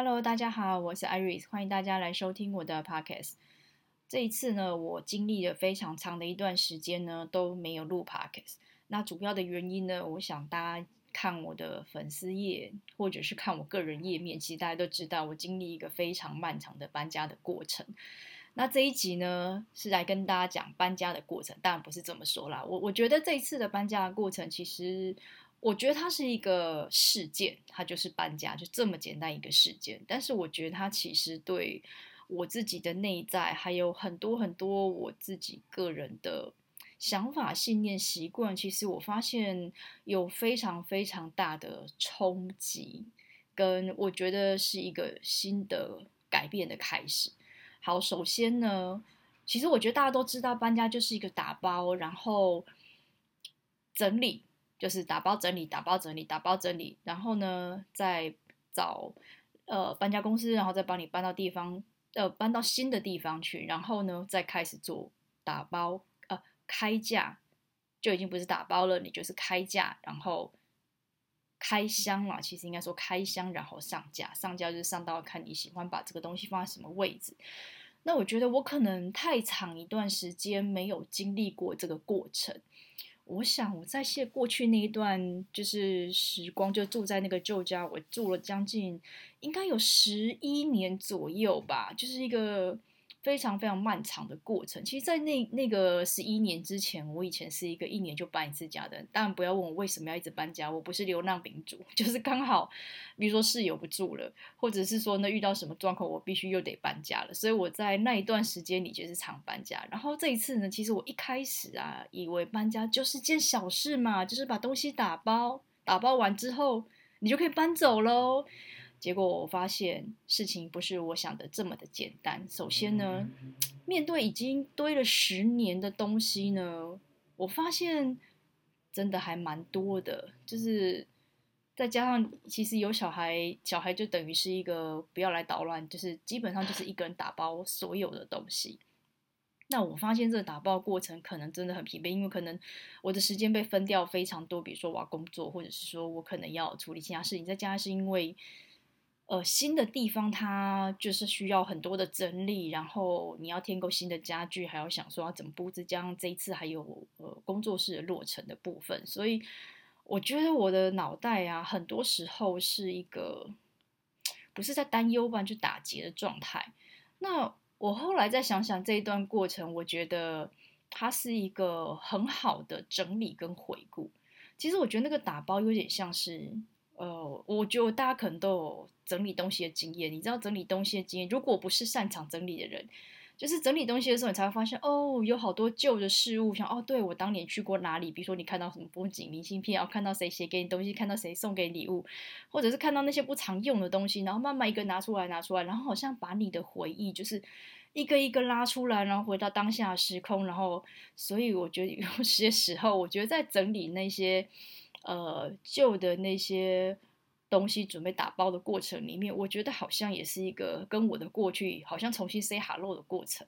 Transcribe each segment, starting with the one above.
Hello，大家好，我是 Iris，歡迎大家來收聽我的 Podcast。這一次呢，我經歷了非常長的一段時間呢，都沒有錄 Podcast。那主要的原因呢，我想大家看我的粉絲頁，或者是看我個人頁面，其實大家都知道，我經歷一個非常漫長的搬家的過程。那這一集呢，是來跟大家講搬家的過程，當然不是這麼說啦。我我覺得這一次的搬家的過程，其實。我覺得它是一個事件，它就是搬家，就這麼簡單一個事件。但是我覺得它其實對我自己的內在還有很多很多我自己個人的想法、信念、習慣，其實我發現有非常非常大的衝擊，跟我覺得是一個新的改變的開始。好，首先呢，其實我覺得大家都知道，搬家就是一個打包，然後整理。就是打包整理，打包整理，打包整理，然後呢，再找呃搬家公司，然後再幫你搬到地方，呃搬到新的地方去，然後呢，再開始做打包，呃開架就已經不是打包了，你就是開架，然後開箱嘛，其實應該說開箱，然後上架，上架就是上到看你喜歡把這個東西放在什麼位置。那我覺得我可能太長一段時間沒有經歷過這個過程。我想，我在寫過去那一段就是時光，就住在那個舊家，我住了將近應該有十一年左右吧，就是一個。非常非常漫長的過程。其實，在那那個十一年之前，我以前是一個一年就搬一次家的人。當然，不要問我為什麼要一直搬家，我不是流浪民族，就是剛好，比如說室友不住了，或者是說那遇到什麼狀況，我必須又得搬家了。所以我在那一段時間裡就是常搬家。然後這一次呢，其實我一開始啊，以為搬家就是件小事嘛，就是把東西打包，打包完之後你就可以搬走嘍。結果我發現事情不是我想的這麼的簡單。首先呢，面對已經堆了十年的東西呢，我發現真的還蠻多的。就是再加上，其實有小孩，小孩就等於是一個不要來搗亂，就是基本上就是一個人打包所有的東西。那我發現這個打包過程可能真的很疲憊，因為可能我的時間被分掉非常多，比如說我要工作，或者是說我可能要處理其他事情，再加上是因為。呃，新的地方它就是需要很多的整理，然後你要添購新的家具，還要想說要怎麼布置，加上這一次還有呃工作室的落成的部分，所以我覺得我的腦袋啊，很多時候是一個不是在擔憂，不然就打結的狀態。那我後來再想想這一段過程，我覺得它是一個很好的整理跟回顧。其實我覺得那個打包有點像是。呃、哦，我覺得大家可能都有整理東西的經驗。你知道整理東西的經驗，如果不是擅長整理的人，就是整理東西的時候，你才會發現，哦，有好多舊的事物，想，哦，對，我當年去過哪裡？比如說你看到什麼風景明信片，然後看到誰寫給你東西，看到誰送給禮物，或者是看到那些不常用的東西，然後慢慢一個拿出來拿出來，然後好像把你的回憶就是一個一個拉出來，然後回到當下的時空，然後，所以我覺得有些時候，我覺得在整理那些。呃，舊的那些東西準備打包的過程裡面，我覺得好像也是一個跟我的過去好像重新 say hello 的過程。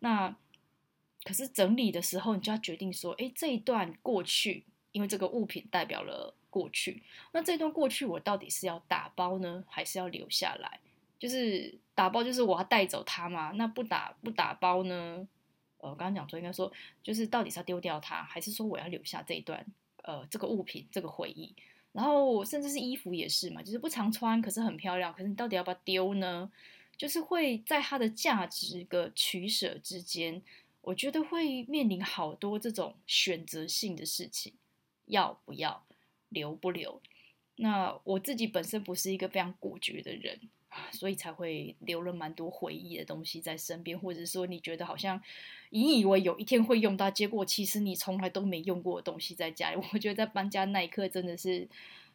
那可是整理的時候，你就要決定說，誒、欸，這一段過去，因為這個物品代表了過去，那這段過去我到底是要打包呢，還是要留下來？就是打包，就是我要帶走它嘛。那不打不打包呢？呃，我剛剛講說應該說，就是到底是要丟掉它，還是說我要留下這一段？呃，這個物品，這個回憶，然後甚至是衣服也是嘛，就是不常穿，可是很漂亮，可是你到底要不要丟呢？就是會在它的價值跟取舍之間，我覺得會面臨好多這種選擇性的事情，要不要留不留？那我自己本身不是一個非常果決的人。啊、所以才會留了蠻多回憶的東西在身邊，或者說你覺得好像，你以為有一天會用到，結果其實你從來都沒用過的東西在家裡。我覺得在搬家那一刻，真的是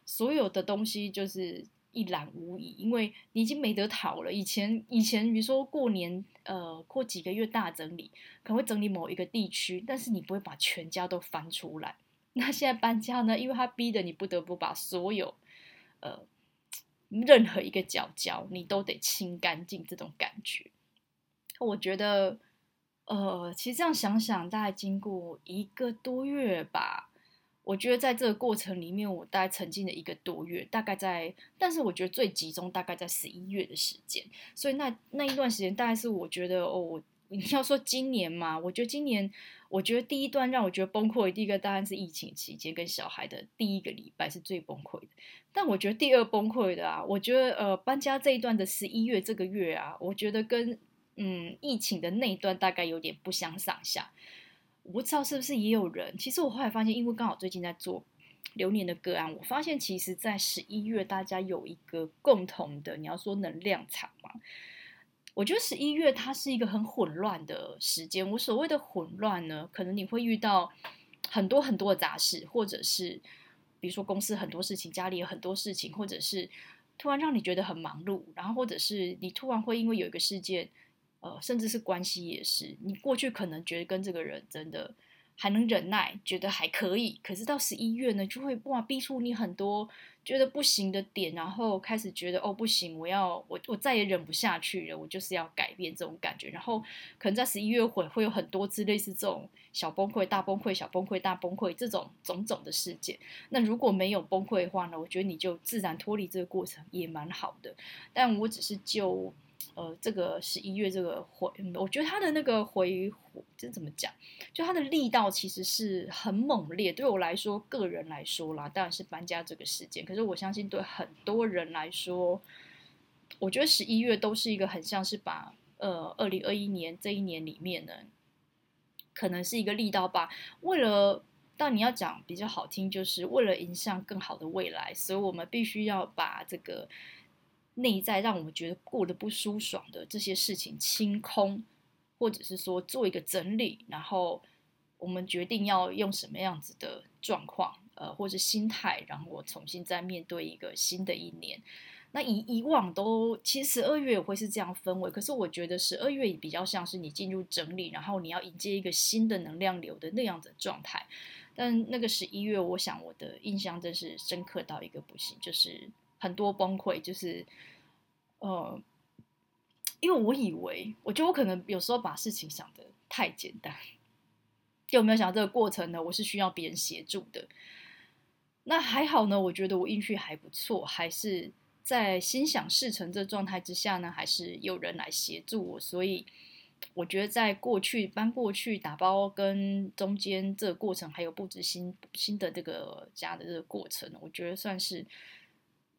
所有的東西就是一覽無遺，因為你已經沒得逃了。以前以前，比如說過年，呃，過幾個月大整理，可能會整理某一個地區，但是你不會把全家都翻出來。那現在搬家呢，因為它逼得你不得不把所有，呃。任何一個角角，你都得清乾淨。這種感覺，我覺得，呃，其實這樣想想，大概經過一個多月吧。我覺得在這個過程裡面，我大概沉浸了一個多月。大概在，但是我覺得最集中，大概在十一月的時間。所以那那一段時間，大概是我覺得哦，我你要說今年嗎？我覺得今年，我覺得第一段讓我覺得崩潰，第一個當然是疫情期間跟小孩的第一個禮拜是最崩潰的。但我覺得第二崩潰的啊，我覺得呃，搬家這一段的十一月這個月啊，我覺得跟嗯，疫情的那一段大概有點不相上下。我不知道是不是也有人，其實我後來發現，因為剛好最近在做流年的個案，我發現其實在十一月大家有一個共同的，你要說能量場嘛。我覺得十一月它是一個很混亂的時間。我所謂的混亂呢，可能你會遇到很多很多的雜事，或者是比如說公司很多事情，家裡有很多事情，或者是突然讓你覺得很忙碌，然後或者是你突然會因為有一個事件，呃，甚至是關係也是，你過去可能覺得跟這個人真的。還能忍耐，覺得還可以。可是到十一月呢，就會哇，逼出你很多覺得不行的點，然後開始覺得哦不行，我要我我再也忍不下去了，我就是要改變這種感覺。然後可能在十一月會會有很多次類似這種小崩潰、大崩潰、小崩潰、大崩潰這種種種的事件。那如果沒有崩潰的話呢，我覺得你就自然脫離這個過程也蠻好的。但我只是就。呃，這個十一月這個回，嗯、我覺得他的那個回火，就怎麼講？就他的力道其實是很猛烈。對我來說，個人來說啦，當然是搬家這個時間。可是我相信對很多人來說，我覺得十一月都是一個很像是把呃，二零二一年這一年裡面呢，可能是一個力道吧。為了但你要講比較好聽，就是為了迎向更好的未來，所以我們必須要把這個。內在讓我們覺得過得不舒爽的這些事情清空，或者是說做一個整理，然後我們決定要用什麼樣子的狀況，呃，或者心態，然後我重新再面對一個新的一年。那以以往都其實十二月會是這樣的氛圍，可是我覺得十二月也比較像是你進入整理，然後你要迎接一個新的能量流的那樣子的狀態。但那個十一月，我想我的印象真是深刻到一個不行，就是。很多崩潰就是，呃，因為我以為，我覺得我可能有時候把事情想得太簡單，就沒有想到這個過程呢，我是需要別人協助的。那還好呢，我覺得我運氣還不錯，還是在心想事成這狀態之下呢，還是有人來協助我。所以我覺得在過去搬過去、打包跟中間這個過程，還有布置新新的這個家的這個過程，我覺得算是。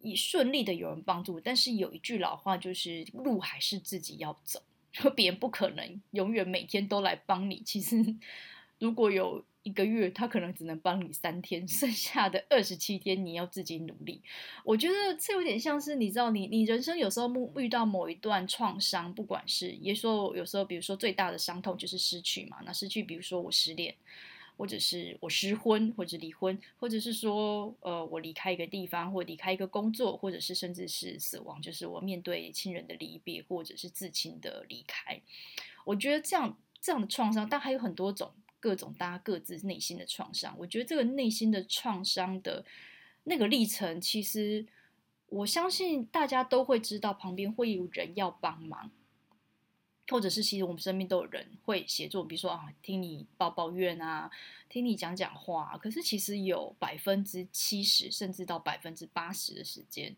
以順利的有人幫助，但是有一句老話，就是路還是自己要走，別人不可能永遠每天都來幫你。其實，如果有一個月，他可能只能幫你三天，剩下的二十七天你要自己努力。我覺得這有點像是你知道你，你你人生有時候遇遇到某一段創傷，不管是也說有時候，比如說最大的傷痛就是失去嘛。那失去，比如說我失戀。或者是我失婚，或者離婚，或者是說，呃，我離開一個地方，或離開一個工作，或者是甚至是死亡，就是我面對親人的離別，或者是至親的離開。我覺得這樣這樣的創傷，但還有很多種各種大家各自內心的創傷。我覺得這個內心的創傷的那個歷程，其實我相信大家都會知道，旁邊會有人要幫忙。或者是，其實我們身邊都有人會協助，比如說啊，聽你抱抱怨啊，聽你講講話啊。可是其實有百分之七十，甚至到百分之八十的時間，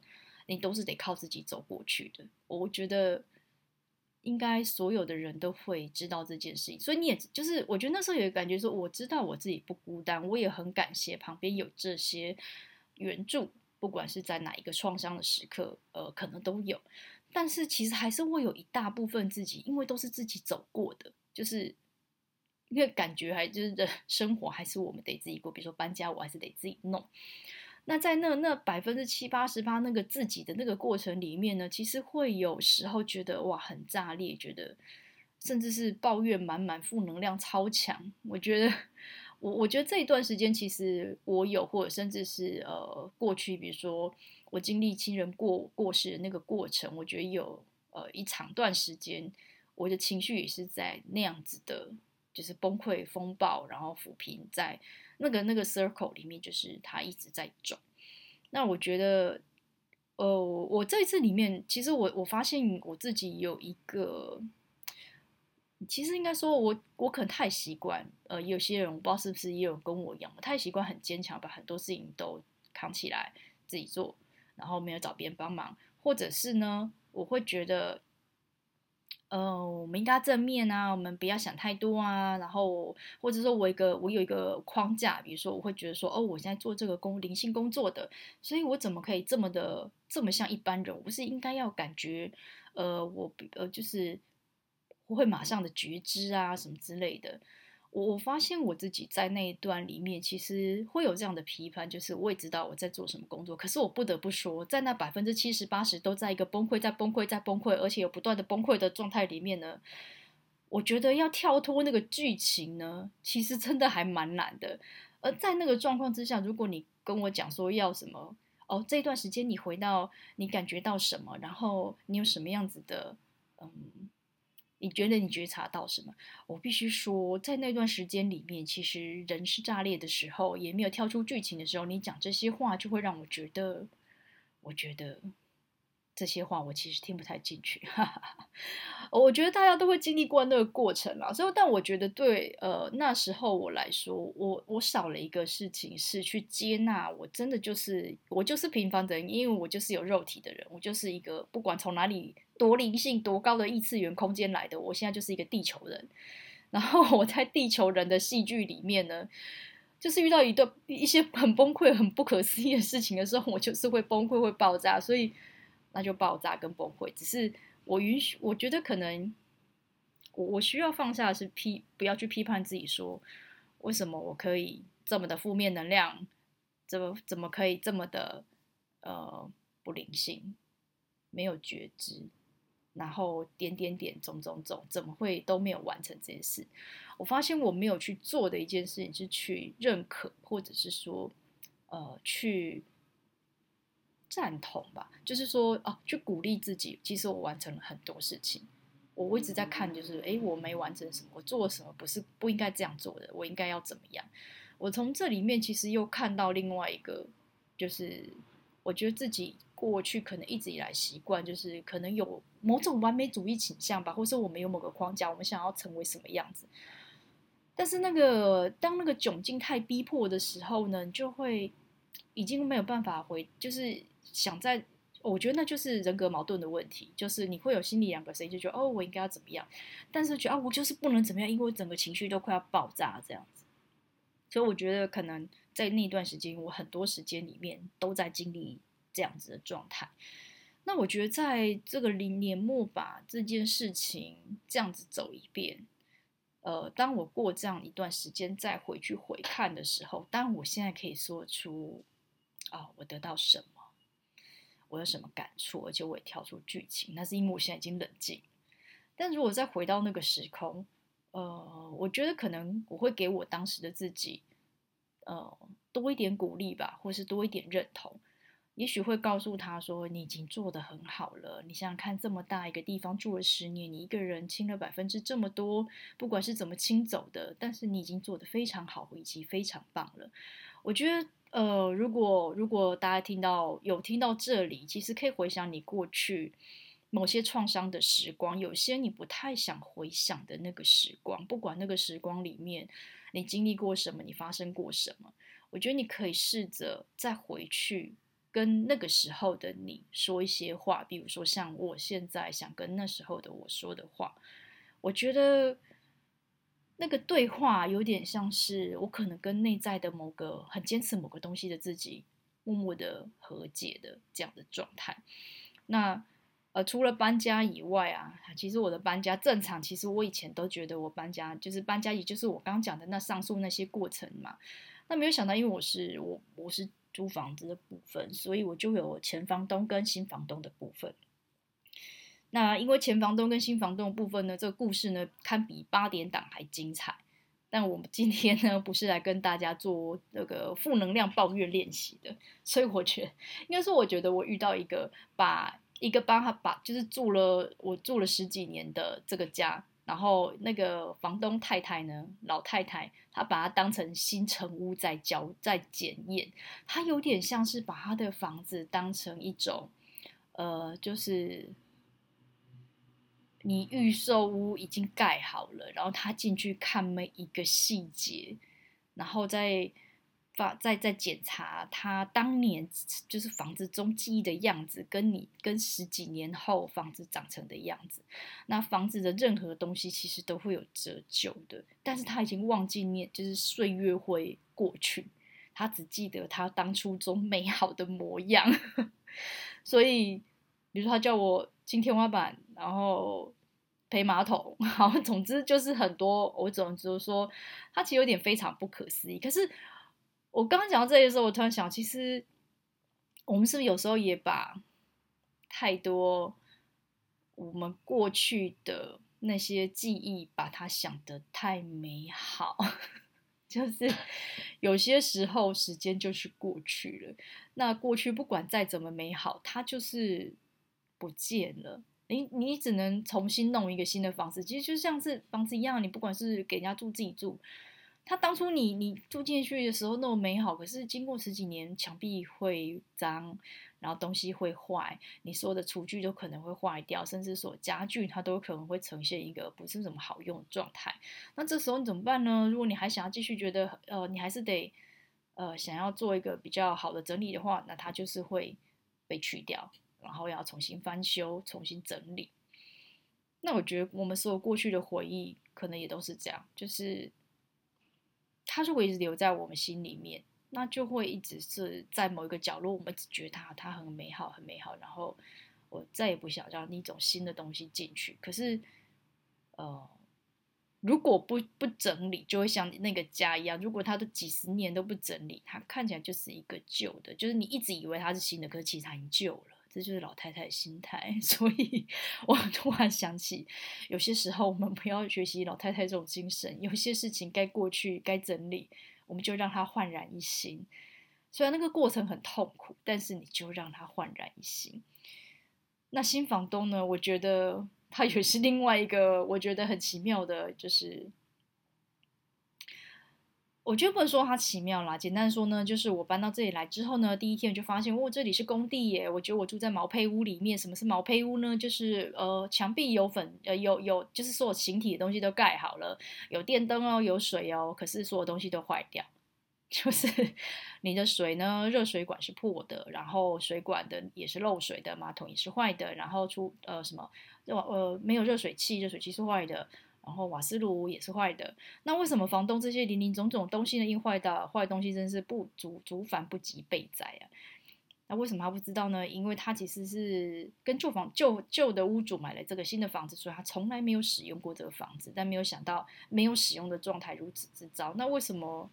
你都是得靠自己走過去的。我覺得應該所有的人都會知道這件事情，所以你也就是，我覺得那時候有一個感覺說，我知道我自己不孤單，我也很感謝旁邊有這些援助，不管是在哪一個創傷的時刻，呃，可能都有。但是其實還是會有一大部分自己，因為都是自己走過的，就是越感覺還就是生活還是我們得自己過。比如說搬家，我還是得自己弄。那在那那百分之七八十八那個自己的那個過程裡面呢，其實會有時候覺得哇很炸裂，覺得甚至是抱怨滿滿、負能量超強。我覺得我我覺得這一段時間其實我有，或者甚至是呃過去，比如說。我經歷親人過過世的那個過程，我覺得有呃，一長段時間，我的情緒也是在那樣子的，就是崩潰、風暴，然後撫平，在那個那個 circle 裡面，就是它一直在轉。那我覺得，呃，我這一次裡面，其實我我發現我自己有一個，其實應該說我我可能太習慣，呃，有些人我不知道是不是也有跟我一樣，我太習慣很堅強，把很多事情都扛起來自己做。然後沒有找別人幫忙，或者是呢，我會覺得，呃，我們應該正面啊，我們不要想太多啊。然後，或者說我一個，我有一個框架，比如說我會覺得說，哦，我現在做這個工靈性工作的，所以我怎麼可以這麼的這麼像一般人？我是應該要感覺，呃，我呃，就是我會馬上的覺知啊，什麼之類的。我發現我自己在那一段裡面，其實會有這樣的批判，就是我也知道我在做什麼工作，可是我不得不說，在那百分之七十八十都在一個崩潰，在崩潰，在崩潰，而且有不斷的崩潰的狀態裡面呢，我覺得要跳脫那個劇情呢，其實真的還蠻難的。而在那個狀況之下，如果你跟我講說要什麼，哦，這段時間你回到你感覺到什麼，然後你有什麼樣子的，嗯。你覺得你覺察到什麼？我必須說，在那段時間裡面，其實人是炸裂的時候，也沒有跳出劇情的時候，你講這些話就會讓我覺得，我覺得這些話我其實聽不太進去。哈哈我覺得大家都會經歷過那個過程啦，所以但我覺得對呃那時候我來說，我我少了一個事情是去接納，我真的就是我就是平凡的人，因為我就是有肉體的人，我就是一個不管從哪裡。多靈性、多高的異次元空間來的？我現在就是一個地球人，然後我在地球人的戲劇裡面呢，就是遇到一段一些很崩潰、很不可思議的事情的時候，我就是會崩潰、會爆炸，所以那就爆炸跟崩潰。只是我允許，我覺得可能我我需要放下的是批，不要去批判自己，說為什麼我可以這麼的負面能量，怎麼怎麼可以這麼的呃不靈性，沒有覺知。然後點點點，種種種，怎麼會都沒有完成這件事？我發現我沒有去做的一件事情是去認可，或者是說，呃，去贊同吧，就是說，哦、啊，去鼓勵自己。其實我完成了很多事情，我一直在看，就是，誒我沒完成什麼，我做了什麼不是不應該這樣做的，我應該要怎麼樣？我從這裡面其實又看到另外一個，就是我覺得自己。過去可能一直以來習慣，就是可能有某種完美主義傾向吧，或是我們有某個框架，我們想要成為什麼樣子。但是那個當那個窘境太逼迫的時候呢，你就會已經沒有辦法回，就是想在我覺得那就是人格矛盾的問題，就是你會有心裡兩個聲音，就覺得哦，我應該要怎麼樣，但是覺得啊，我就是不能怎麼樣，因為我整個情緒都快要爆炸這樣子。所以我覺得可能在那段時間，我很多時間裡面都在經歷。這樣子的狀態，那我覺得在這個零年末把這件事情這樣子走一遍，呃，當我過這樣一段時間再回去回看的時候，當然我現在可以說出啊、哦，我得到什麼，我有什麼感觸，而且我也跳出劇情，那是因為我現在已經冷靜。但如果再回到那個時空，呃，我覺得可能我會給我當時的自己，呃，多一點鼓勵吧，或是多一點認同。也許會告訴他說：“你已經做得很好了。你想想看，這麼大一個地方住了十年，你一個人清了百分之這麼多，不管是怎麼清走的，但是你已經做得非常好，以及非常棒了。我覺得，呃，如果如果大家聽到有聽到這裡，其實可以回想你過去某些創傷的時光，有些你不太想回想的那個時光，不管那個時光裡面你經歷過什麼，你發生過什麼，我覺得你可以試着再回去。”跟那個時候的你說一些話，比如說像我現在想跟那時候的我說的話，我覺得那個對話有點像是我可能跟內在的某個很堅持某個東西的自己默默的和解的這樣的狀態。那呃，除了搬家以外啊，其實我的搬家正常。其實我以前都覺得我搬家就是搬家，也就是我剛剛講的那上述那些過程嘛。那沒有想到，因為我是我我是。租房子的部分，所以我就有前房東跟新房東的部分。那因為前房東跟新房東的部分呢，這個故事呢堪比八點檔還精彩。但我們今天呢，不是來跟大家做那個負能量抱怨練習的，所以我覺得，應該說我覺得我遇到一個把一個幫他把就是住了我住了十幾年的這個家。然後那個房東太太呢，老太太，她把它當成新成屋在交，在檢驗，她有點像是把她的房子當成一種，呃，就是你預售屋已經蓋好了，然後她進去看每一個細節，然後再在在檢查他當年就是房子中記憶的樣子，跟你跟十幾年後房子長成的樣子，那房子的任何東西其實都會有折舊的，但是他已經忘記念，就是歲月會過去，他只記得他當初中美好的模樣， 所以，比如說他叫我漆天花板，然後賠馬桶，好，總之就是很多，我總之說他其實有點非常不可思議，可是。我剛剛講到這裡的時候，我突然想，其實我們是不是有時候也把太多我們過去的那些記憶，把它想得太美好？就是有些時候時間就是過去了，那過去不管再怎麼美好，它就是不見了。你你只能重新弄一個新的房子。其實就像是房子一樣，你不管是給人家住、自己住。它當初你你住進去的時候那麼美好，可是經過十幾年，牆壁會髒，然後東西會壞，你所有的廚具都可能會壞掉，甚至說家具它都可能會呈現一個不是怎麼好用的狀態。那這時候你怎麼辦呢？如果你還想要繼續覺得呃，你還是得呃想要做一個比較好的整理的話，那它就是會被去掉，然後要重新翻修、重新整理。那我覺得我們所有過去的回憶可能也都是這樣，就是。它如果一直留在我們心裡面，那就會一直是在某一個角落，我們只覺得它它很美好，很美好。然後我再也不想讓那種新的東西進去。可是，呃，如果不不整理，就會像那個家一樣。如果它都幾十年都不整理，它看起來就是一個舊的，就是你一直以為它是新的，可是其實它已經舊了。這就是老太太心態，所以我突然想起，有些時候我們不要學習老太太這種精神，有些事情該過去該整理，我們就讓它煥然一新。雖然那個過程很痛苦，但是你就讓它煥然一新。那新房東呢？我覺得他也是另外一個我覺得很奇妙的，就是。我就不能說它奇妙啦，簡單說呢，就是我搬到這裡來之後呢，第一天我就發現，哦，這裡是工地耶！我覺得我住在毛坯屋裡面。什麼是毛坯屋呢？就是呃，牆壁有粉，呃，有有，就是所有形體的東西都蓋好了，有電燈哦，有水哦，可是所有東西都壞掉。就是你的水呢，熱水管是破的，然後水管的也是漏水的，馬桶也是壞的，然後出呃什麼？呃，沒有熱水器，熱水器是壞的。然後瓦斯爐也是壞的，那為什麼房東這些零零總總東西呢？一壞的、啊、壞東西真是不足足反不及備災啊。那、啊、為什麼他不知道呢？因為他其實是跟舊房、舊舊的屋主買了這個新的房子，所以他從來沒有使用過這個房子。但沒有想到，沒有使用的狀態如此之糟。那為什麼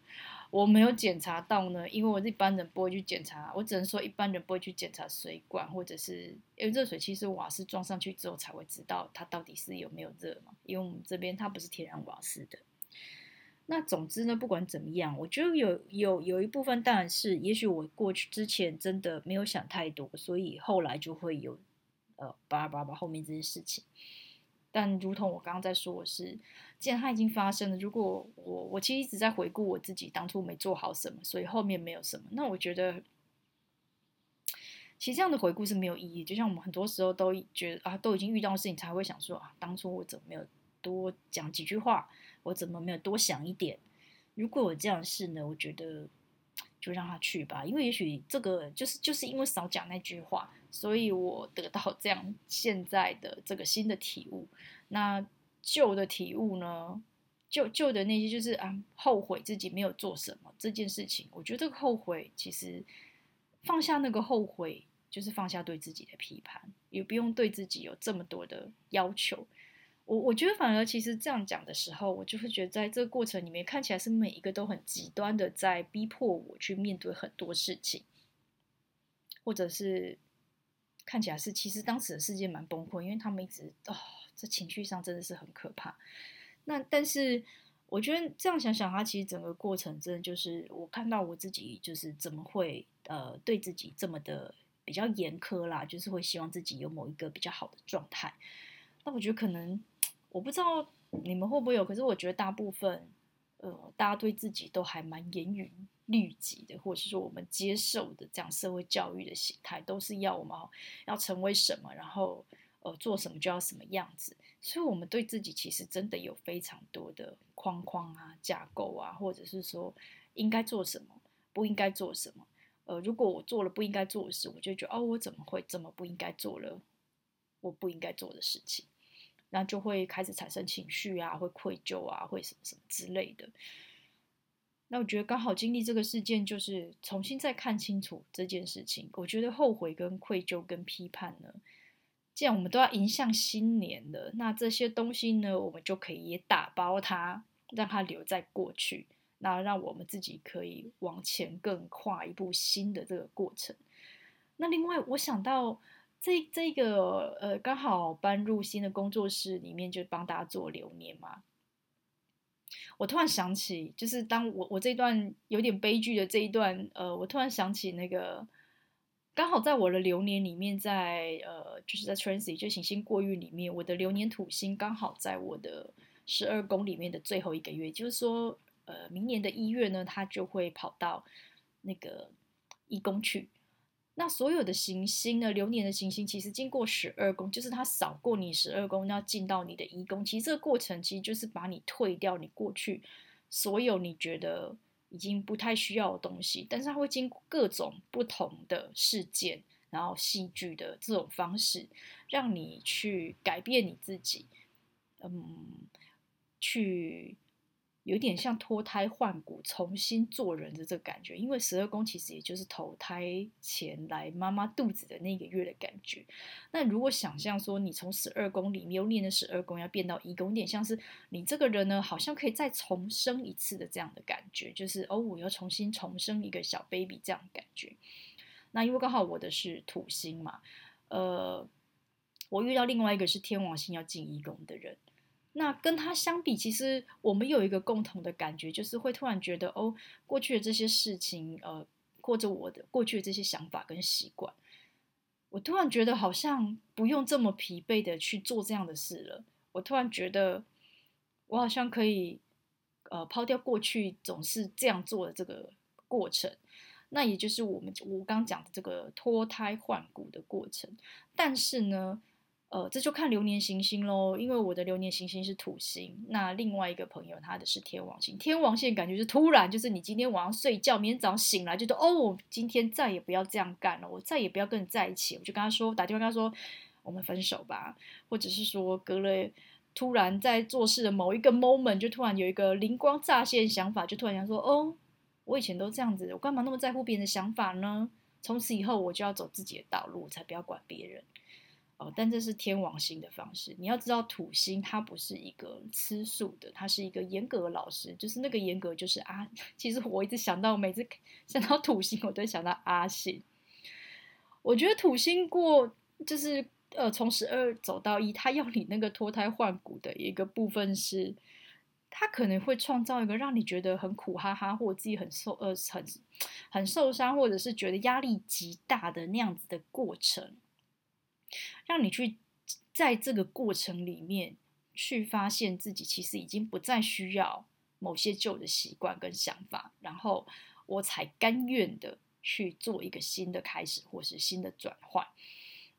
我沒有檢查到呢？因為我一般人不會去檢查，我只能說一般人不會去檢查水管，或者是因為熱水器是瓦斯裝上去之後才會知道它到底是有沒有熱嘛。因為我們這邊它不是天然瓦斯的。那總之呢，不管怎麼樣，我覺得有有有一部分當然是，也許我過去之前真的沒有想太多，所以後來就會有，呃，巴拉巴拉巴拉後面這些事情。但如同我剛剛在說是，我是既然它已經發生了，如果我我其實一直在回顧我自己當初沒做好什麼，所以後面沒有什麼。那我覺得，其實這樣的回顧是沒有意義。就像我們很多時候都覺得啊，都已經遇到事情才會想說啊，當初我怎麼沒有多講幾句話。我怎麼沒有多想一點？如果我這樣是呢？我覺得就讓他去吧，因為也許這個就是，就是因為少講那句話，所以我得到這樣現在的這個新的體悟。那舊的體悟呢？舊舊的那些就是啊，後悔自己沒有做什麼這件事情。我覺得這個後悔，其實放下那個後悔，就是放下對自己的批判，也不用對自己有這麼多的要求。我我覺得反而其實這樣講的時候，我就會覺得在這個過程裡面，看起來是每一個都很極端的在逼迫我去面對很多事情，或者是看起來是其實當時的世界蠻崩潰，因為他們一直哦，這情緒上真的是很可怕。那但是我覺得這樣想想，它其實整個過程真的就是我看到我自己，就是怎麼會呃對自己這麼的比較嚴苛啦，就是會希望自己有某一個比較好的狀態。那我覺得可能。我不知道你們會不會有，可是我覺得大部分，呃，大家對自己都還蠻嚴於律己的，或者是說我們接受的這樣社會教育的形態，都是要我們要成為什麼，然後呃做什麼就要什麼樣子，所以我們對自己其實真的有非常多的框框啊、架構啊，或者是說應該做什麼、不應該做什麼。呃，如果我做了不應該做的事，我就覺得哦，我怎麼會這麼不應該做了？我不應該做的事情。那就會開始產生情緒啊，會愧疚啊，會什麼什麼之類的。那我覺得剛好經歷這個事件，就是重新再看清楚這件事情。我覺得後悔、跟愧疚、跟批判呢，既然我們都要迎向新年了，那這些東西呢，我們就可以也打包它，讓它留在過去，那讓我們自己可以往前更跨一步新的這個過程。那另外，我想到。這這個呃，剛好搬入新的工作室裡面，就幫大家做流年嘛。我突然想起，就是當我我這段有點悲劇的這一段，呃，我突然想起那個剛好在我的流年裡面在，在呃，就是在 Transit 就行星過運裡面，我的流年土星剛好在我的十二宮裡面的最後一個月，就是說，呃，明年的一月呢，它就會跑到那個一宮去。那所有的行星呢，流年的行星其實經過十二宮，就是它掃過你十二宮，然後進到你的一宮。其實這個過程其實就是把你退掉你過去所有你覺得已經不太需要的東西，但是它會經過各種不同的事件，然後戲劇的這種方式，讓你去改變你自己，嗯，去。有點像脫胎換骨、重新做人的這個感覺，因為十二宮其實也就是投胎前來媽媽肚子的那個月的感覺。那如果想象說，你從十二宮裡面，你了十二宮要變到一宮，有點像是你這個人呢，好像可以再重生一次的這樣的感覺，就是哦，我要重新重生一個小 baby 這樣的感覺。那因為剛好我的是土星嘛，呃，我遇到另外一個是天王星要進一宮的人。那跟他相比，其實我們有一個共同的感覺，就是會突然覺得，哦，過去的這些事情，呃，或者我的過去的這些想法跟習慣，我突然覺得好像不用這麼疲憊的去做這樣的事了。我突然覺得，我好像可以，呃，拋掉過去總是這樣做的這個過程。那也就是我們我剛講的這個脫胎換骨的過程。但是呢？呃，這就看流年行星咯。因為我的流年行星是土星。那另外一個朋友，他的是天王星。天王星感覺是突然，就是你今天晚上睡覺，明天早上醒來，就說：“哦，我今天再也不要這樣幹了，我再也不要跟你在一起。”我就跟他說，打電話跟他說：“我們分手吧。”或者是說格雷，隔了突然在做事的某一個 moment，就突然有一個靈光乍現想法，就突然想說：“哦，我以前都這樣子，我幹嘛那麼在乎別人的想法呢？從此以後，我就要走自己的道路，才不要管別人。”哦，但這是天王星的方式。你要知道，土星它不是一個吃素的，它是一個嚴格的老師。就是那個嚴格，就是啊。其實我一直想到，每次想到土星，我都想到阿信。我覺得土星過就是呃，從十二走到一，他要你那個脫胎換骨的一個部分是，他可能會創造一個讓你覺得很苦哈哈，或自己很受呃很很受傷，或者是覺得壓力極大的那樣子的過程。讓你去在這個過程裡面去發現自己，其實已經不再需要某些舊的習慣跟想法，然後我才甘願的去做一個新的開始或是新的轉換。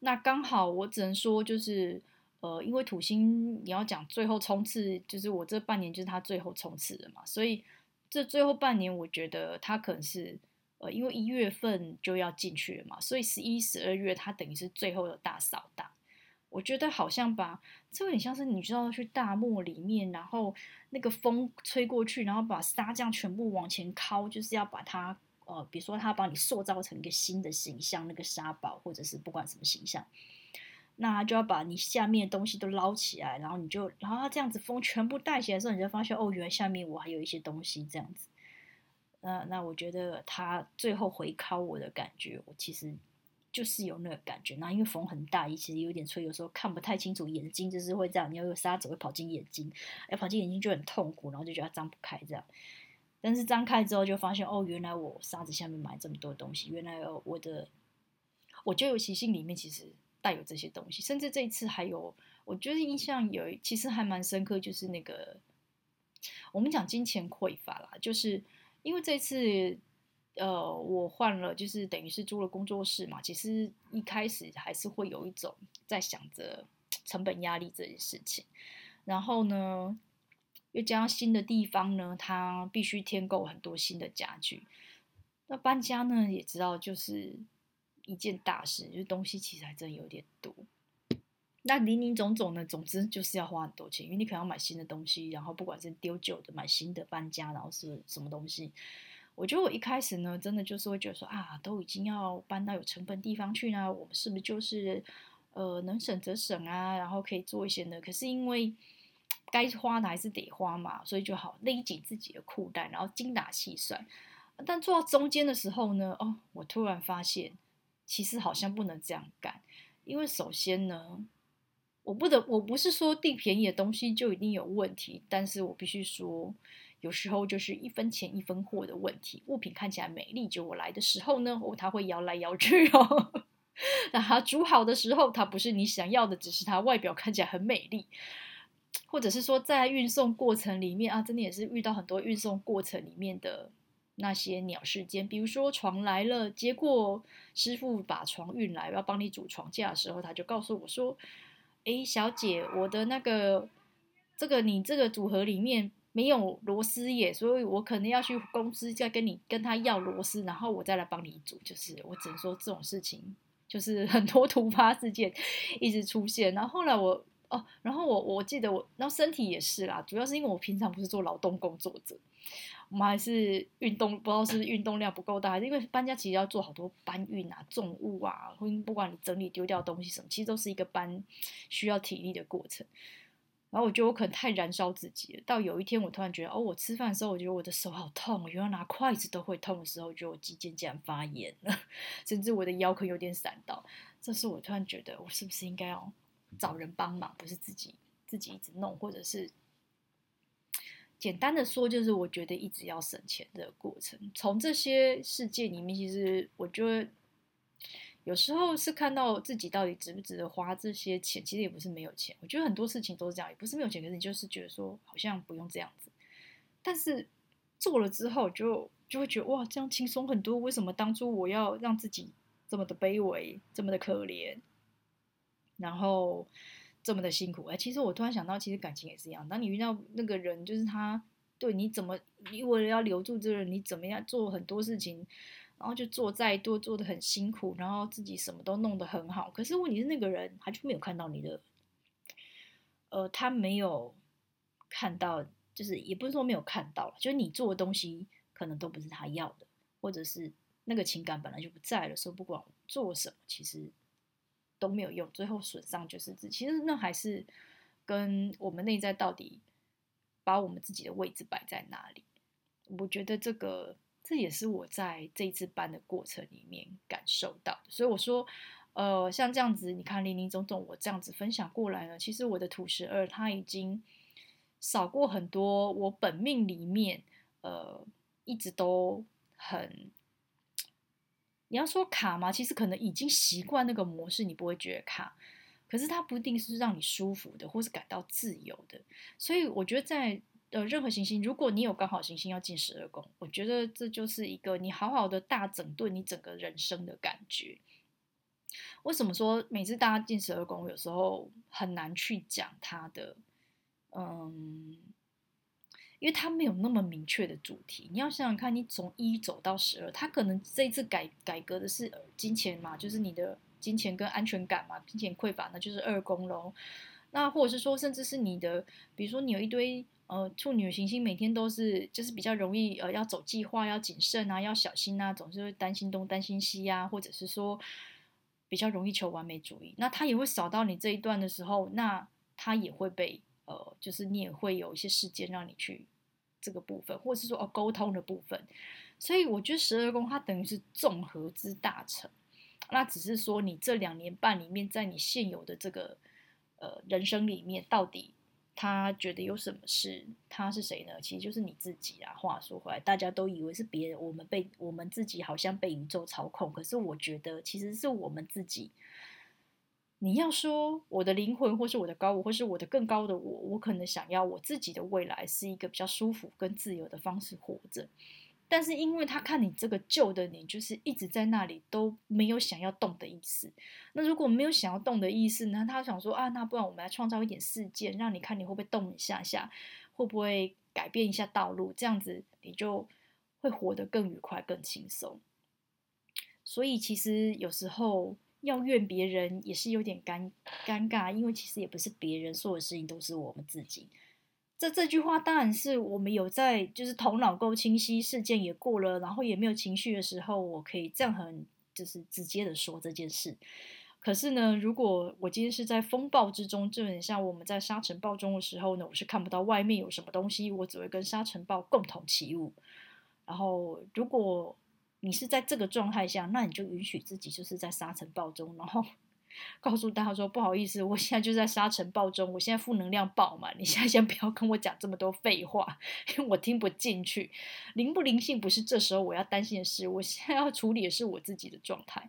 那剛好我只能說，就是呃，因為土星你要講最後衝刺，就是我這半年就是他最後衝刺了嘛，所以這最後半年，我覺得他可能是。呃，因為一月份就要進去了嘛，所以十一、十二月它等於是最後的大掃蕩。我覺得好像吧，這個很像是你知道去大漠裡面，然後那個風吹過去，然後把沙這樣全部往前靠，就是要把它呃，比如說它把你塑造成一個新的形象，那個沙堡或者是不管什麼形象，那就要把你下面的東西都撈起來，然後你就，然後它這樣子風全部帶起來的時候，你就發現哦，原來下面我還有一些東西這樣子。那那我覺得他最後回靠我的感覺，我其實就是有那個感覺。那因為風很大，其實有點吹，有時候看不太清楚眼睛，就是會這樣。你要有沙子會跑進眼睛，哎，跑進眼睛就很痛苦，然後就覺得他張不開這樣。但是張開之後就發現，哦，原來我沙子下面埋這麼多東西。原來哦，我的我舊有習性裡面其實帶有這些東西，甚至這一次還有，我覺得印象有其實還蠻深刻，就是那個我們講金錢匱乏啦，就是。因為這次，呃，我換了，就是等於是租了工作室嘛，其實一開始還是會有一種在想着成本壓力這件事情。然後呢，又加上新的地方呢，它必須添購很多新的家具。那搬家呢，也知道就是一件大事，就是東西其實還真有點多。那林林總總呢，總之就是要花很多錢，因為你可能要買新的東西，然後不管是丟舊的、買新的、搬家，然後是什麼東西。我覺得我一開始呢，真的就是會覺得說啊，都已經要搬到有成本地方去呢，啊，我們是不是就是呃能省則省啊，然後可以做一些呢，可是因為該花的還是得花嘛，所以就好勒緊自己的褲帶，然後精打細算。但做到中間的時候呢，哦，我突然發現其實好像不能這樣幹，因為首先呢。我不得，我不是說訂便宜的東西就一定有問題，但是我必須說，有時候就是一分錢一分貨的問題。物品看起來美麗，就我來的時候呢，哦，它會搖來搖去哦。那 它組好的時候，它不是你想要的，只是它外表看起來很美麗。或者是說，在運送過程裡面啊，真的也是遇到很多運送過程裡面的那些鳥事件，比如說床來了，結果師傅把床運來要幫你組床架的時候，他就告訴我說。誒，小姐，我的那個這個你這個組合裡面沒有螺絲耶，所以我可能要去公司再跟你跟他要螺絲，然後我再來幫你組。就是我只能說這種事情，就是很多突發事件一直出現，然後後來我，哦，然後我，我記得我那身體也是啦，主要是因為我平常不是做勞動工作者，我們還是運動，不知道是不是運動量不夠大，還是因為搬家其實要做好多搬運啊、重物啊，不管你整理丟掉東西什麼，其實都是一個搬需要體力的過程。然後我覺得我可能太燃燒自己了，到有一天我突然覺得，哦，我吃飯的時候我覺得我的手好痛，我原來拿筷子都會痛的時候，覺得我肌腱竟然發炎了，甚至我的腰可能有點閃到。這時我突然覺得，我是不是應該要找人幫忙，不是自己自己一直弄，或者是？簡單的說，就是我覺得一直要省錢的過程。從這些事件裡面，其實我覺得有時候是看到自己到底值不值得花這些錢。其實也不是沒有錢，我覺得很多事情都是這樣，也不是沒有錢，可是你就是覺得說好像不用這樣子。但是做了之後就，就就會覺得，哇，這樣輕鬆很多。為什麼當初我要讓自己這麼的卑微，這麼的可憐？然後，這麼的辛苦哎、欸，其實我突然想到，其實感情也是一樣。當你遇到那個人，就是他對你怎麼，你為了要留住這個人，你怎麼樣做很多事情，然後就做再多，做的很辛苦，然後自己什麼都弄得很好，可是問題是那個人他就沒有看到你的，呃，他沒有看到，就是也不是說沒有看到，就是你做的東西可能都不是他要的，或者是那個情感本來就不在了，所以不管做什麼，其實。都沒有用，最後損傷就是自己。其實那還是跟我們內在到底把我們自己的位置擺在哪裡。我覺得這個這也是我在這一次搬的過程裡面感受到的。所以我說，呃，像這樣子，你看林林總總，我這樣子分享過來呢，其實我的土十二他已經掃過很多我本命裡面，呃，一直都很。你要說卡嗎？其實可能已經習慣那個模式，你不會覺得卡。可是它不一定是讓你舒服的，或是感到自由的。所以我覺得在，在呃任何行星，如果你有剛好行星要進十二宮，我覺得這就是一個你好好的大整頓你整個人生的感覺。為什麼說每次大家進十二宮，我有時候很難去講它的。嗯。因為他沒有那麼明確的主題，你要想想看，你從一走到十二，他可能這一次改改革的是、呃、金錢嘛，就是你的金錢跟安全感嘛，金錢匱乏，那就是二宮嘍。那或者是說，甚至是你的，比如說你有一堆呃處女行星，每天都是就是比較容易呃要走計劃，要謹慎啊，要小心啊，總是會擔心東擔心西啊，或者是說比較容易求完美主義，那他也會掃到你這一段的時候，那他也會被呃，就是你也會有一些事件讓你去。這個部分，或者是說哦溝通的部分，所以我覺得十二宮它等於是綜合之大成，那只是說你這兩年半裡面，在你現有的這個呃人生裡面，到底他覺得有什麼事？他是誰呢？其實就是你自己啊。話說回來，大家都以為是別人，我們被我們自己好像被宇宙操控，可是我覺得其實是我們自己。你要說我的靈魂，或是我的高我，或是我的更高的我，我可能想要我自己的未來是一個比較舒服跟自由的方式活着。但是因為他看你這個舊的你，就是一直在那裡都沒有想要動的意思。那如果沒有想要動的意思呢？他想說啊，那不然我們來創造一點事件，讓你看你會不會動一下下，會不會改變一下道路，這樣子你就會活得更愉快、更輕鬆。所以其實有時候。要怨別人也是有點尷尷尬，因為其實也不是別人，所有事情都是我們自己。這這句話當然是我們有在，就是頭腦夠清晰，事件也過了，然後也沒有情緒的時候，我可以這樣很就是直接的說這件事。可是呢，如果我今天是在風暴之中，就很像我們在沙塵暴中的時候呢，我是看不到外面有什麼東西，我只會跟沙塵暴共同起舞。然後如果。你是在這個狀態下，那你就允許自己就是在沙塵暴中，然後告訴大家說：“不好意思，我現在就在沙塵暴中，我現在負能量爆滿。你現在先不要跟我講這麼多廢話，因為我聽不進去，靈不靈性不是這時候我要擔心的事，我現在要處理的是我自己的狀態。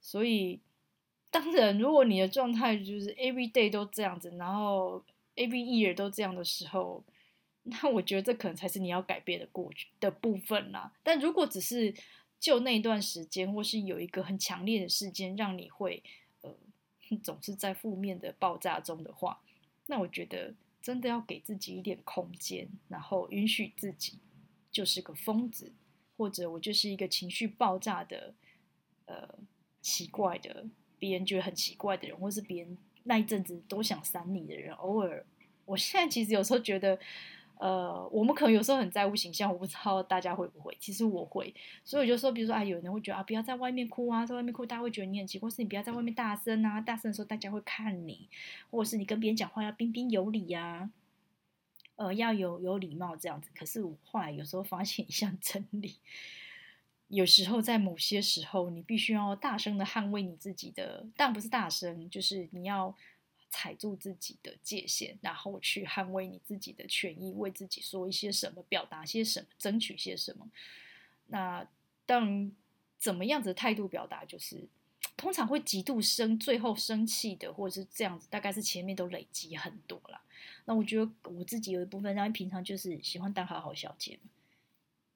所以，當然，如果你的狀態就是 every day 都這樣子，然後 every year 都這樣的時候，那我覺得這可能才是你要改變的過去的部分啦。但如果只是就那一段時間，或是有一個很強烈的事件，讓你會呃總是在負面的爆炸中的話，那我覺得真的要給自己一點空間，然後允許自己就是個瘋子，或者我就是一個情緒爆炸的呃奇怪的，別人覺得很奇怪的人，或是別人那一陣子都想刪你的人。偶爾，我現在其實有時候覺得。呃，我們可能有時候很在乎形象，我不知道大家會不會？其實我會，所以我就說，比如說啊、哎，有人會覺得啊，不要在外面哭啊，在外面哭大家會覺得你很奇怪。或是你不要在外面大聲啊，大聲的時候大家會看你，或是你跟別人講話要彬彬有禮啊，呃，要有有禮貌這樣子。可是我後來有時候發現一項真理，有時候在某些時候，你必須要大聲的捍衛你自己的，但不是大聲，就是你要。踩住自己的界限，然後去捍衛你自己的權益，為自己說一些什麼，表達些什麼，爭取些什麼。那當怎麼樣子的態度表達，就是通常會極度生，最後生氣的，或者是這樣子，大概是前面都累積很多了。那我覺得我自己有一部分，當然平常就是喜歡當好好小姐，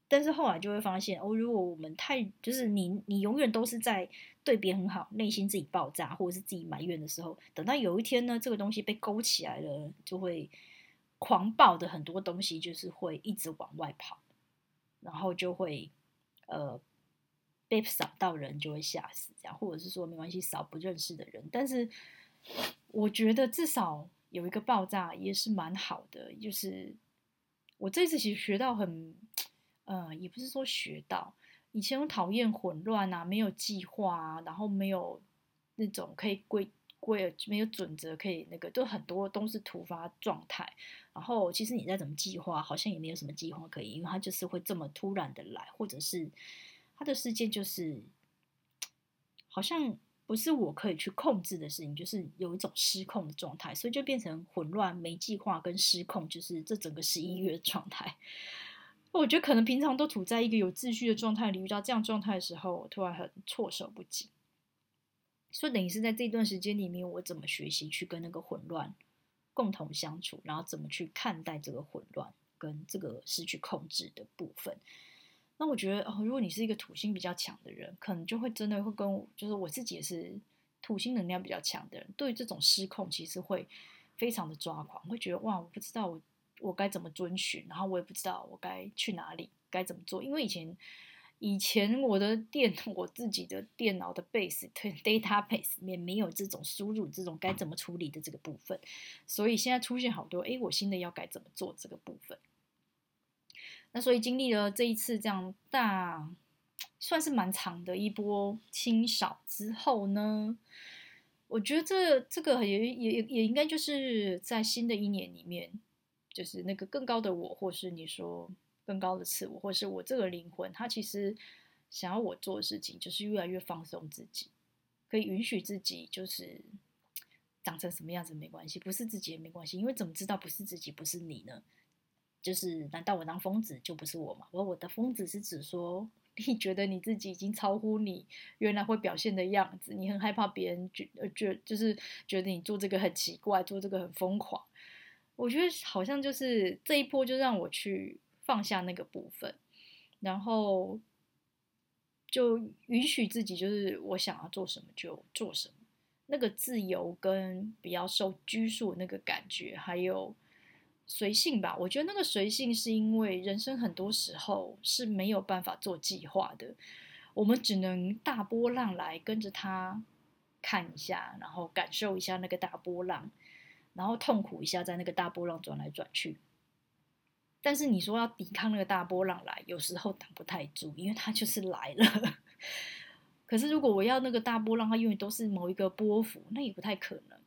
但是後來就會發現，哦，如果我們太就是你，你永遠都是在。對別人很好，內心自己爆炸，或者是自己埋怨的時候，等到有一天呢，這個東西被勾起來了，就會狂暴的很多東西，就是會一直往外跑，然後就會，呃，被掃到人就會嚇死，這樣，或者是說沒關係，掃不認識的人。但是我覺得至少有一個爆炸也是蠻好的，就是我這次其實學到很，呃，也不是說學到。以前我討厭混亂啊，沒有計劃啊，然後沒有那種可以規規，沒有準則可以那個，都很多都是突發狀態。然後其實你再怎麼計劃，好像也沒有什麼計劃可以，因為它就是會這麼突然的來，或者是它的世界就是好像不是我可以去控制的事情，就是有一種失控的狀態，所以就變成混亂、沒計劃跟失控，就是這整個十一月的狀態。我覺得可能平常都處在一個有秩序的狀態裡，遇到這樣狀態的時候，我突然很措手不及。所以等於是在這段時間裡面，我怎麼學習去跟那個混亂共同相處，然後怎麼去看待這個混亂跟這個失去控制的部分。那我覺得哦，如果你是一個土星比較強的人，可能就會真的會跟我，就是我自己也是土星能量比較強的人，對這種失控其實會非常的抓狂，會覺得哇，我不知道我。我該怎麼遵循？然後我也不知道我該去哪裡，該怎麼做？因為以前以前我的電，我自己的電腦的 base，對 data base 面沒有這種輸入，這種該怎麼處理的這個部分，所以現在出現好多，哎，我新的要該怎麼做這個部分。那所以經歷了這一次這樣大，算是蠻長的一波清掃之後呢，我覺得這這個也也也也應該就是在新的一年裡面。就是那個更高的我，或是你說更高的次我，或是我這個靈魂，他其實想要我做的事情，就是越來越放鬆自己，可以允許自己，就是長成什麼樣子沒關係，不是自己也沒關係，因為怎麼知道不是自己不是你呢？就是難道我當瘋子就不是我嗎？而我的瘋子是指說，你覺得你自己已經超乎你原來會表現的樣子，你很害怕別人覺呃覺就是覺得你做這個很奇怪，做這個很瘋狂。我覺得好像就是這一波，就讓我去放下那個部分，然後就允許自己，就是我想要做什麼就做什麼。那個自由跟比較受拘束的那個感覺，還有隨性吧。我覺得那個隨性是因為人生很多時候是沒有辦法做計劃的，我們只能大波浪來跟着它看一下，然後感受一下那個大波浪。然後痛苦一下，在那個大波浪轉來轉去。但是你說要抵抗那個大波浪來，有時候擋不太住，因為它就是來了。 可是如果我要那個大波浪，它因為都是某一個波幅，那也不太可能。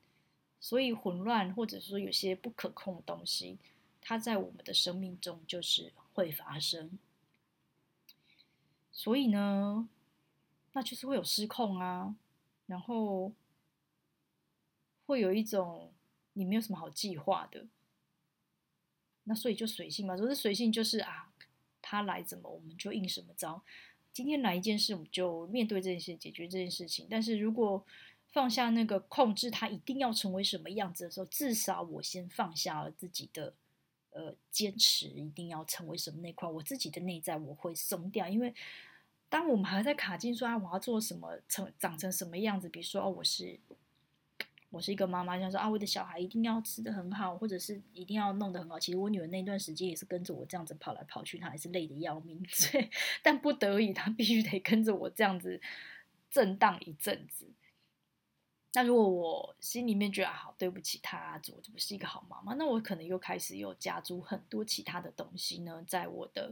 所以混亂，或者說有些不可控的東西，它在我們的生命中就是會發生。所以呢，那就是會有失控啊，然後會有一種。你沒有什麼好計劃的，那所以就隨性嘛。所以隨性就是啊，他來怎麼我們就應什麼招。今天來一件事，我們就面對這件事，解決這件事情。但是如果放下那個控制，他一定要成為什麼樣子的時候，至少我先放下了自己的呃堅持，一定要成為什麼那塊，我自己的內在我會鬆掉。因為當我們還在卡進說啊，我要做什麼，成長成什麼樣子，比如說哦，我是。我是一個媽媽，想說啊，我的小孩一定要吃得很好，或者是一定要弄得很好。其實我女兒那段時間也是跟着我這樣子跑來跑去，她還是累得要命，對，但不得已，她必須得跟着我這樣子震盪一陣子。那如果我心裡面覺得，啊，好對不起她，我、啊、就不是一個好媽媽，那我可能又開始又加諸很多其他的東西呢，在我的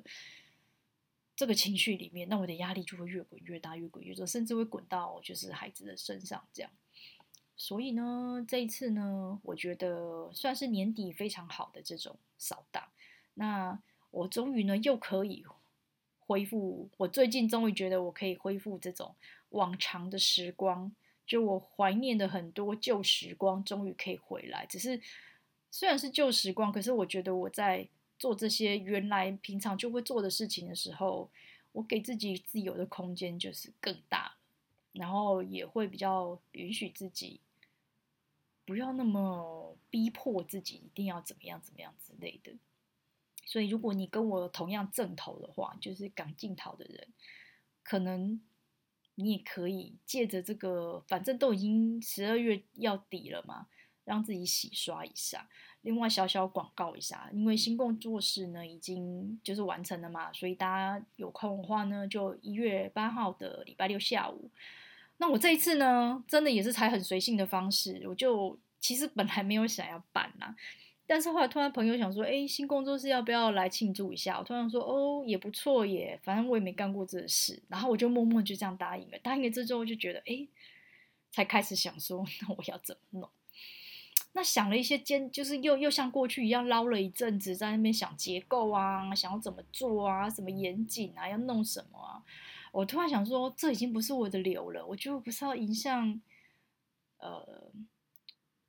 這個情緒裡面，那我的壓力就會越滾越大，越滾越多，甚至會滾到就是孩子的身上這樣。所以呢，這一次呢，我覺得算是年底非常好的這種掃蕩。那我終於呢，又可以恢復。我最近終於覺得我可以恢復這種往常的時光，就我懷念的很多舊時光，終於可以回來。只是雖然是舊時光，可是我覺得我在做這些原來平常就會做的事情的時候，我給自己自由的空間就是更大了，然後也會比較允許自己。不要那麼逼迫自己，一定要怎麼樣怎麼樣之類的。所以，如果你跟我同樣正頭的話，就是趕進頭的人，可能你也可以借着這個，反正都已經十二月要底了嘛，讓自己洗刷一下。另外，小小廣告一下，因為新工作室呢，已經就是完成了嘛，所以大家有空的話呢，就一月八號的禮拜六下午。那我這一次呢，真的也是才很隨性的方式，我就其實本來沒有想要辦吶、啊，但是後來突然朋友想說，誒，新工作室要不要來慶祝一下？我突然說，哦，也不錯耶，反正我也沒幹過這事，然後我就默默就這樣答應了。答應了之後，就覺得，誒，才開始想說，那我要怎麼弄？那想了一些間，就是又又像過去一樣撈了一陣子，在那邊想結構啊，想要怎麼做啊，什麼嚴謹啊，要弄什麼啊。我突然想說，這已經不是我的流了。我就不是要迎向，呃，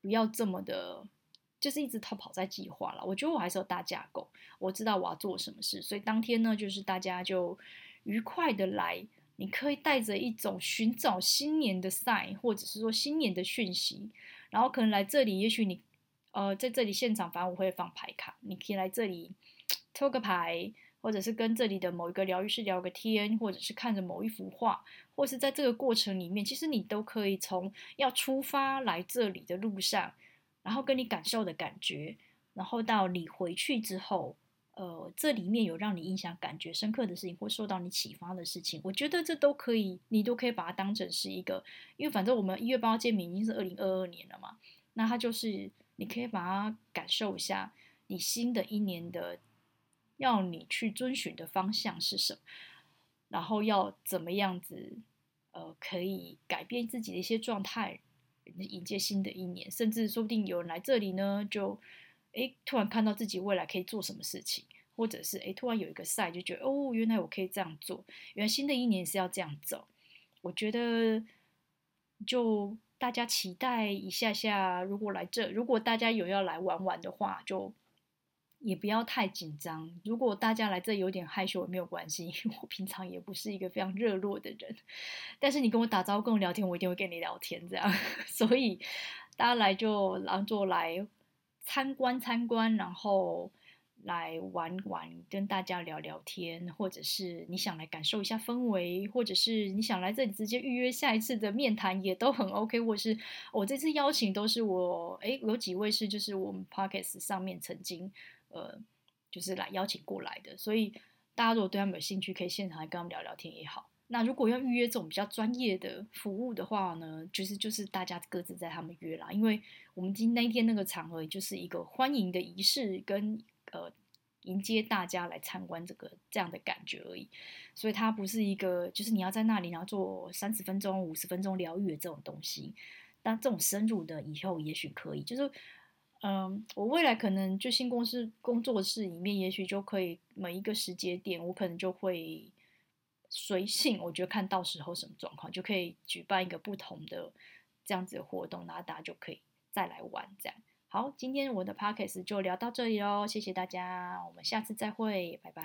不要這麼的，就是一直逃跑在計劃了。我覺得我還是有大架構，我知道我要做什麼事。所以當天呢，就是大家就愉快的來，你可以帶着一種尋找新年的 sign，或者是說新年的訊息，然後可能來這裡，也許你，呃，在這裡現場，反正我會放牌卡，你可以來這裡抽個牌。或者是跟這裡的某一個療癒師聊個天，或者是看着某一幅畫，或是在這個過程裡面，其實你都可以從要出發來這裡的路上，然後跟你感受的感覺，然後到你回去之後，呃，這裡面有讓你印象感覺深刻的事情，或受到你啟發的事情，我覺得這都可以，你都可以把它當成是一個，因為反正我們一月八號見面已經是二零二二年了嘛，那它就是你可以把它感受一下，你新的一年的，要你去遵循的方向是什麼？然後要怎麼樣子？呃，可以改變自己的一些狀態，迎接新的一年。甚至說不定有人來這裡呢，就誒，突然看到自己未來可以做什麼事情，或者是誒，突然有一個賽，就覺得哦，原來我可以這樣做。原來新的一年是要這樣走。我覺得，就大家期待一下下。如果來這，如果大家有要來玩玩的話，就。也不要太緊張。如果大家來這有點害羞，也沒有關係，因為我平常也不是一個非常熱絡的人。但是你跟我打招呼、跟我聊天，我一定會跟你聊天這樣。 所以大家來就當做來參觀參觀，然後來玩玩，跟大家聊聊天，或者是你想來感受一下氛圍，或者是你想來這裡直接預約下一次的面談也都很 OK 或。或是我這次邀請都是我誒、欸，有幾位是就是我們 Podcast 上面曾經。呃，就是來邀請過來的，所以大家如果對他們有興趣，可以現場來跟他們聊聊天也好。那如果要預約這種比較專業的服務的話呢，就是就是大家各自在他們約啦，因為我們今那一天那個場合就是一個歡迎的儀式跟呃迎接大家來參觀這個這樣的感覺而已，所以它不是一個就是你要在那裡然後做三十分鐘、五十分鐘療癒的這種東西，但這種深入的以後也許可以，就是。嗯，我未來可能就新公司工作室裡面，也許就可以每一個時間點，我可能就會隨性，我就看到時候什麼狀況，就可以舉辦一個不同的這樣子的活動，那大家就可以再來玩這樣。好，今天我的 podcast 就聊到這裡哦，謝謝大家，我們下次再會，拜拜。